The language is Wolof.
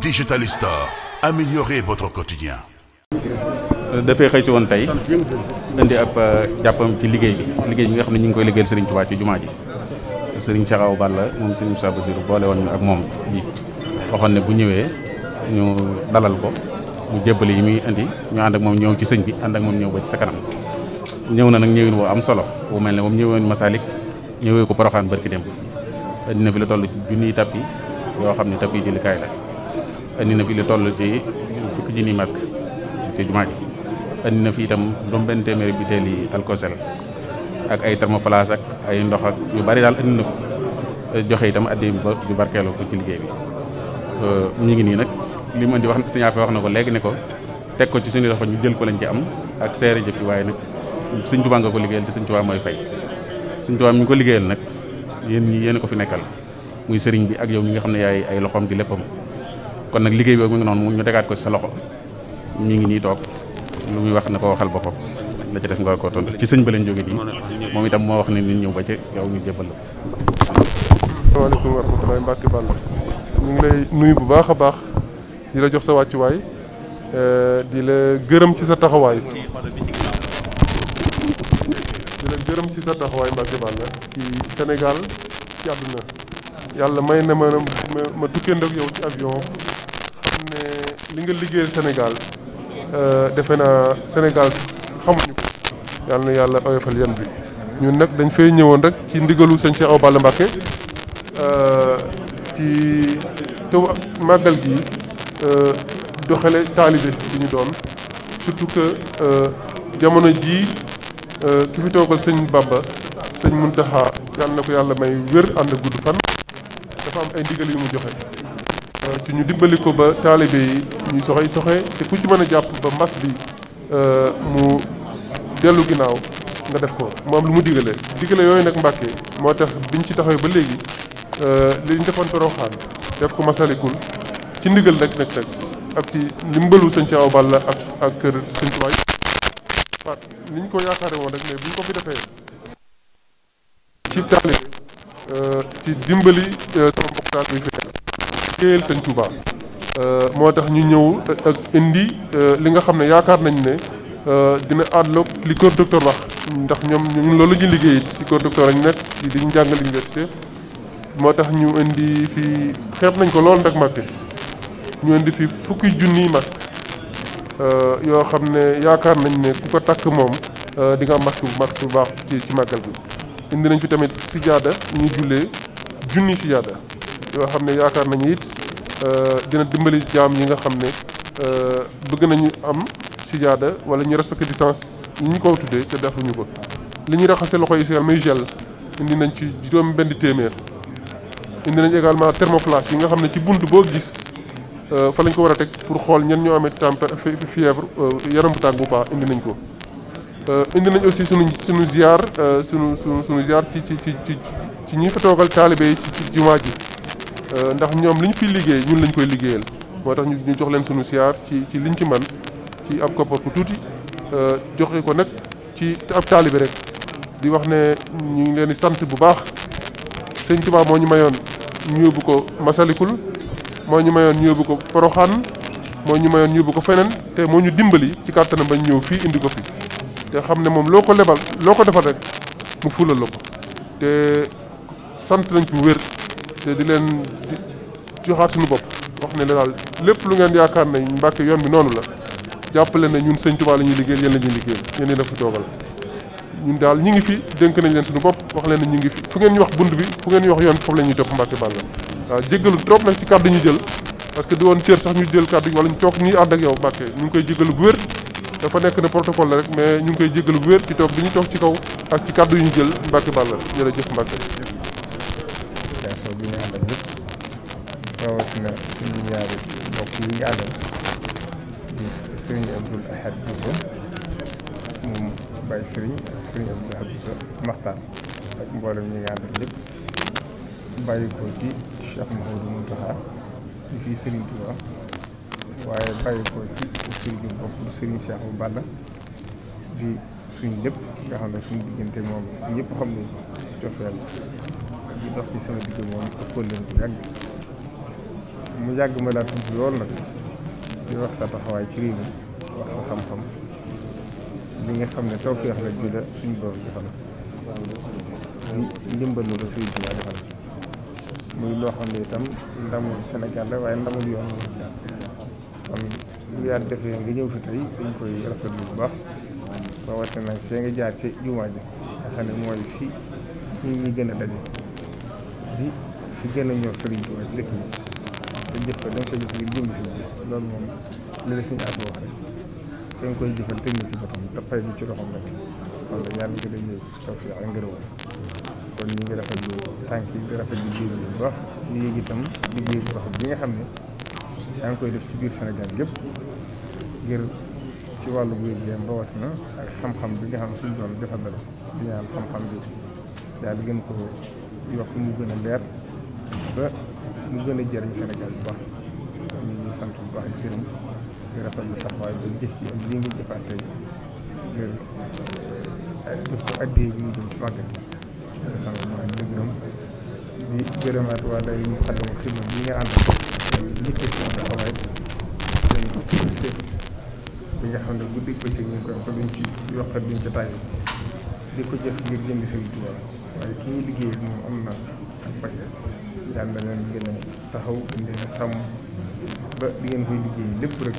Digital Store, améliorez votre quotidien. dafay xëy si woon tey indi ab euh, jàppam ci liggéey bi liggéey bi nga xam ne ñu ngi koy liggéeyal Serigne Touba ci jumaa ji Serigne Cheikh Awa Balla moom Serigne Moussa Bassirou boole woon ak moom ji waxoon ne bu ñëwee ñu dalal ko mu jébbali yi muy indi ñu ànd ak moom ñëw ci sëñ bi ànd ak moom ñëw ba ci sa kanam ñëw na nag ñëwin woo am solo bu mel ne moom ñëween Masalik ñëwee ko Poroxaan barki dem indi na fi la toll junniy tapis yoo xam ne tapis julli kaay la indi na fi lu toll ci fukki junni masque ci jumaa ji indi na fi itam juróom benn téeméeri butéel yi alkosel ak ay thermoflash ak ay ndox ak yu bari daal indi na ko joxe itam addi ba ju barkeeloo ko ci liggéey bi ñu ngi nii nag li mu indi wax si ñaa wax na ko léegi ne ko teg ko ci suñu loxo ñu jël ko lañ ci am ak seere jëf yi waaye nag Sëñ Tuubaa nga ko liggéeyal te Sëñ Tuubaa mooy fay Sëñ Tuubaa mi ngi ko liggéeyal nag yéen ñi yéen ko fi nekkal muy sëriñ bi ak yow mi nga xam ne yaay ay loxoom di léppam kon nag liggéey boobu mu ngi noonu ñu tegaat ko ci sa loxo mi ngi nii toog lu muy wax na ko waxal boppam la ci def nga war koo ci sëñ ba lañ jóge nii moom itam moo wax ne nit ñëw ba ci yow ñu jébbal la asalaamaaleykum wa ngi lay nuyu bu baax a baax di la jox sa wàccuwaay eh, di la gërëm ci sa taxawaay di ci sa taxawaay Mbàkke Balla ci Sénégal ci àdduna yàlla may na ma ma tukkeendoo ak yow ci avion li nga liggéeyal Sénégal euh, defe na Sénégal xamuñu ko yàlla na yàlla oyofal yan bi ñu nag dañ fay ñëwoon rek ci ndigalu sëñ Cheikh Awa Balla Mbacké euh, ci taw màggal gi euh, doxale taalibe bi ñu doon surtout que jamono jii ki fi toogal sëñ Bamba sëñ Muntaxa yàlla na ko yàlla may wér ànd gudd fan dafa am ay ndigal yu mu joxe te ñu dimbali ko ba taalibe yi ñuy soxey soxe te ku ci mën a jàpp ba mbas bi euh, mu dellu ginnaaw nga def ko moom lu mu diggalee digale yooyu nag Mbàkke moo tax biñ ci taxawee ba léegi euh, li ñu defoon Poroxaan def ko Masalikul ci ndigal nag nag nag ak ci ndimbalu sëñ Awa Balla ak ak kër sëñ Tuwaay waat niñ ko yaakaare woon rek ne biñ ko fi defee ci taalibe euh, ci dimbali sama mbokk taal bi fi téyel sëñ Touba euh, moo tax ñu ñëw ak indi euh, li nga xam ne yaakaar nañ ne euh, dina àdloog li kër docteur wax ndax ñoom ñun loolu la ñuy liggéey it si kër docteur lañ nekk ci diñu jàngal université moo tax ñu indi fii xeeb nañ ko loolu nag Mbacké ñu indi fi fukki junniy masque yoo xam ne yaakaar nañ ne ku ko takk moom di nga am masque bu masque bu baax ci ci bi indi nañ fi tamit sijaada ñuy jullee junni sijaada yoo xam ne yaakaar nañu it euh, dina dimbali jaam yi nga xam ne euh, bëgg nañu am sijaada wala ñu respecté distance yi ñu ko tuddee te defuñu ko. li ñuy raxase loxo yi si muy gel indi nañ ci juróom benn téeméer indi nañ également thermoflash yi nga xam ne ci bunt boo gis euh, fa lañ ko war a teg pour xool ñan ñoo amee tempér fièvre yaram bu tàng indi nañ ko. indi nañ aussi sunu sunu ziar sunu sunu sunu ziar ci ci ci ci ñi fa toogal taalibe yi ci ci ji Euh, ndax ñoom li ñu fiy liggéey ñun lañ koy liggéeyal moo tax ñu jox leen suñu siyaar ci ci liñ ci man ci ab koppar ku tuuti euh, joxe ko nag ci ab taalibe rek di wax ne ñu leen di sant bu baax sëñ Tuubaa moo ñu mayoon ñu yóbbu ko Masalikul moo ñu mayoon ñu yóbbu ko Poroxaan moo ñu mayoon ñu yóbbu ko feneen te moo ñu dimbali ci kàttanam bañ ñëw fii indi ko fi te xam ne moom loo ko lebal loo ko defal rek mu fulal la ko te sant nañ ci wér. te di leen joxaat suñu bopp wax ne la daal lépp lu ngeen yaakaar ne Mbàkke yoon bi noonu la jàppale ne ñun sëñ Tuubaa la ñuy liggéeyal yéen la ñuy liggéeyal yéen la fi toogal ñun daal ñi ngi fi wax leen ñu ngi fi fu ngeen ñu wax bunt bi fu ngeen ñu wax yoon bi foofu la ñuy topp Mbàkke Bàll waaw jéggalu trop nag ci kàddu ñu jël parce que di woon cër sax ñu jël kàddu wala ñu toog ñuy ànd ak yow Mbàkke ñu ngi koy jéggalu bu wér dafa nekk ne protocole la rek mais ñu ngi koy jéggalu bu wér ci toog bi ñu toog ci kaw ak ci kàddu rawatina suñu ñaari mbokk yi ñu àndal di sëriñ Abdul Ahad Bousso moom Baye sëriñ ak sëriñ Abdul Ahad Bousso Maxtaar ak mboolem ñi nga àndal lépp bàyyi ko ci Cheikh Mouhamadou Mountakha di fii sëriñ Tuubaa waaye bàyyi ko ci sëriñ bopp sëriñ Cheikh bu Balla di suñ lépp nga xam ne suñu diggante moom ñëpp xam cofeel di dox ci sama digg moom ak kóllëre bu yàgg mu yàgg ma laa tudd lool nag di wax sa taxawaay ci réew mi wax sa xam-xam li nga xam ne tawfeex la ji la suñu borom defal di ndimbal muy loo xam ne itam ndamul Sénégal la waaye ndamul yoon kon lu yàlla defee nga ñëw fi tey dañ koy rafetlu bu baax rawatina nag fee nga jaar ci jumaa ji nga xam ne mooy fii ñi gën a daje di fi gën a ñor Sëriñ Tuubaa ci dëkk bi jëfal da koy loolu moom li la jëfal teg ci boppam te fay bi ci loxoom rek kon la ñaan ko dañuy taw ak ngërëm kon ñu ngi rafetlu tànk yi di rafetlu jiw bi nga xam ne yaa ngi koy def ci biir Sénégal yëpp ngir ci wàll bu yëg-yëg rawatina ak xam-xam bi nga xam ne suñu defal la di ñaan xam-xam bi daal gën ko yokk mu gën a leer ñu gën a jëriñ Sénégal bu baax ñu ngi sant bu baax di gërëm di rafetlu taxawaay bi jëf ci ak lii nga jëfaat tey ngir eh, def ko addee bi ñu jëm ci màggal di xam ne guddi ko ci ñu koy wax duñ ci yokk duñ ci tàyyi di ko jëf ngir jënd seen tubaab waaye ki ñu liggéeyee moom am na ak yàlla na leen gën a taxaw gën a sàmm ba di ngeen koy liggéey lépp rek